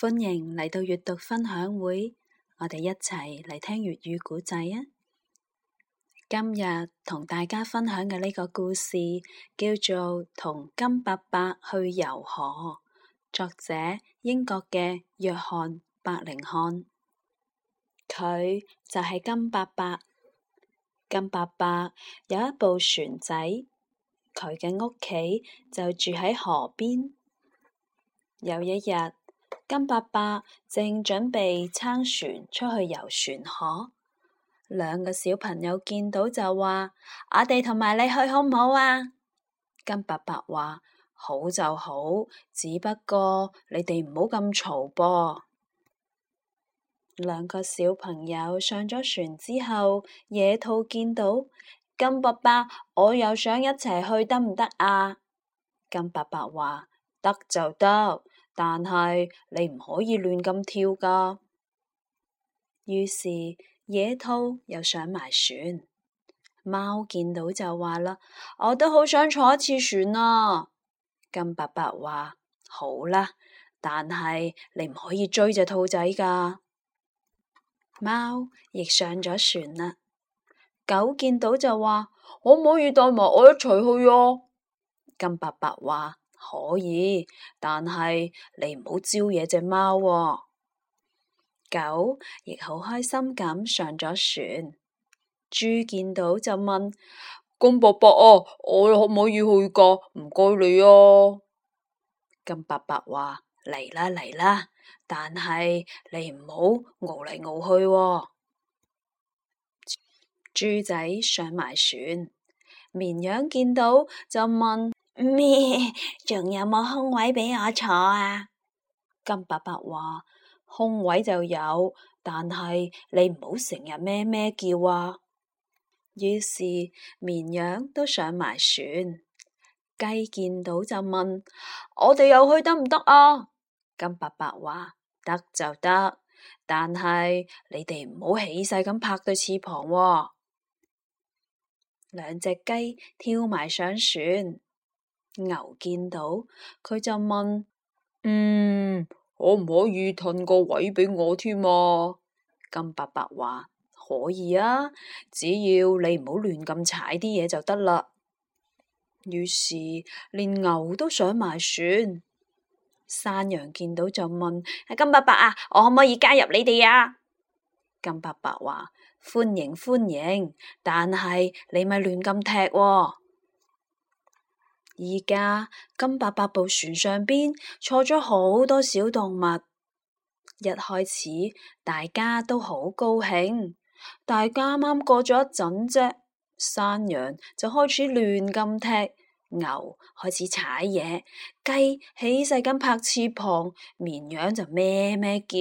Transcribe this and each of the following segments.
歡迎嚟到閱讀分享會，我哋一齊嚟聽粵語古仔啊！今日同大家分享嘅呢個故事叫做《同甘伯伯去遊河》，作者英國嘅約翰百靈漢。佢就係甘伯伯，甘伯伯有一部船仔，佢嘅屋企就住喺河邊。有一日。甘伯伯正準備撐船出去遊船河，兩個小朋友見到就話：我哋同埋你去好唔好啊？甘伯伯話：好就好，只不過你哋唔好咁嘈噃。兩個小朋友上咗船之後，野兔見到甘伯伯我又想一齊去得唔得啊？甘伯伯話：得就得。但係你唔可以亂咁跳噶。於是野兔又上埋船，貓見到就話啦：我都好想坐一次船啊！甘伯伯話：好啦，但係你唔可以追隻兔仔噶。貓亦上咗船啦。狗見到就話：可唔可以帶埋我一齊去啊？甘伯伯話。可以，但係你唔好招惹隻貓喎。狗亦好開心咁上咗船。豬見到就問甘伯伯啊，我可唔可以去噶？唔該你啊。甘伯伯話：嚟啦嚟啦，但係你唔好敖嚟敖去喎，豬。豬仔上埋船。綿羊見到就問。咩？仲、嗯、有冇空位俾我坐啊？甘伯伯話：空位就有，但係你唔好成日咩咩叫啊！於是綿羊都上埋船，雞見到就問：我哋又去得唔得啊？甘伯伯話：得就得，但係你哋唔好起勢咁拍對翅膀、啊。兩隻雞跳埋上船。牛見到佢就問：嗯，可唔可以褪個位俾我添啊？甘伯伯話：可以啊，只要你唔好亂咁踩啲嘢就得啦。於是連牛都想埋船。山羊見到就問：甘伯伯啊，我可唔可以加入你哋啊？甘伯伯話：歡迎歡迎，但係你咪亂咁踢喎、啊。而家甘伯伯部船上邊坐咗好多小動物，一開始大家都好高興，大家啱啱過咗一陣啫，山羊就開始亂咁踢，牛開始踩嘢，雞起勢咁拍翅膀，綿羊就咩咩叫，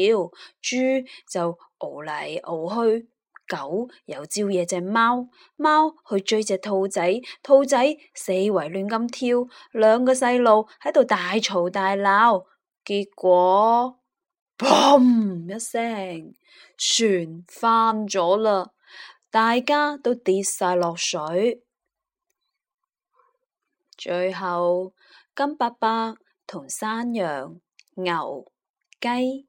豬就熬嚟熬去。狗又招惹隻貓，貓去追隻兔仔，兔仔四圍亂咁跳，兩個細路喺度大嘈大鬧，結果砰一聲船翻咗啦，大家都跌晒落水，最後甘伯伯同山羊、牛、雞、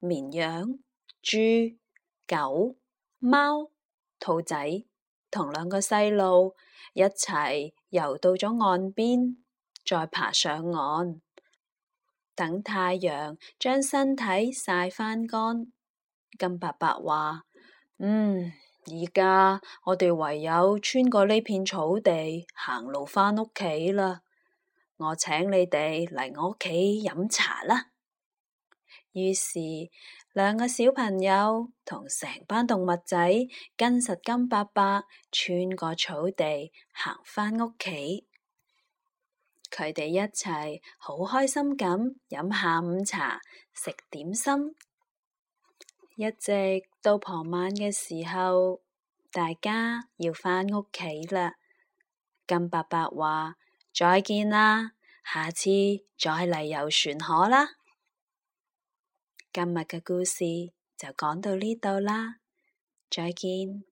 綿羊、豬、狗。貓、兔仔同兩個細路一齊游到咗岸邊，再爬上岸，等太陽將身體曬翻乾。甘伯伯話：嗯，而家我哋唯有穿過呢片草地，行路翻屋企啦。我請你哋嚟我屋企飲茶啦。於是，兩個小朋友同成班動物仔跟實甘伯伯穿過草地行返屋企。佢哋一齊好開心咁飲下午茶、食點心，一直到傍晚嘅時候，大家要返屋企啦。甘伯伯話：再見啦，下次再嚟遊船河啦。今日嘅故事就講到呢度啦，再見。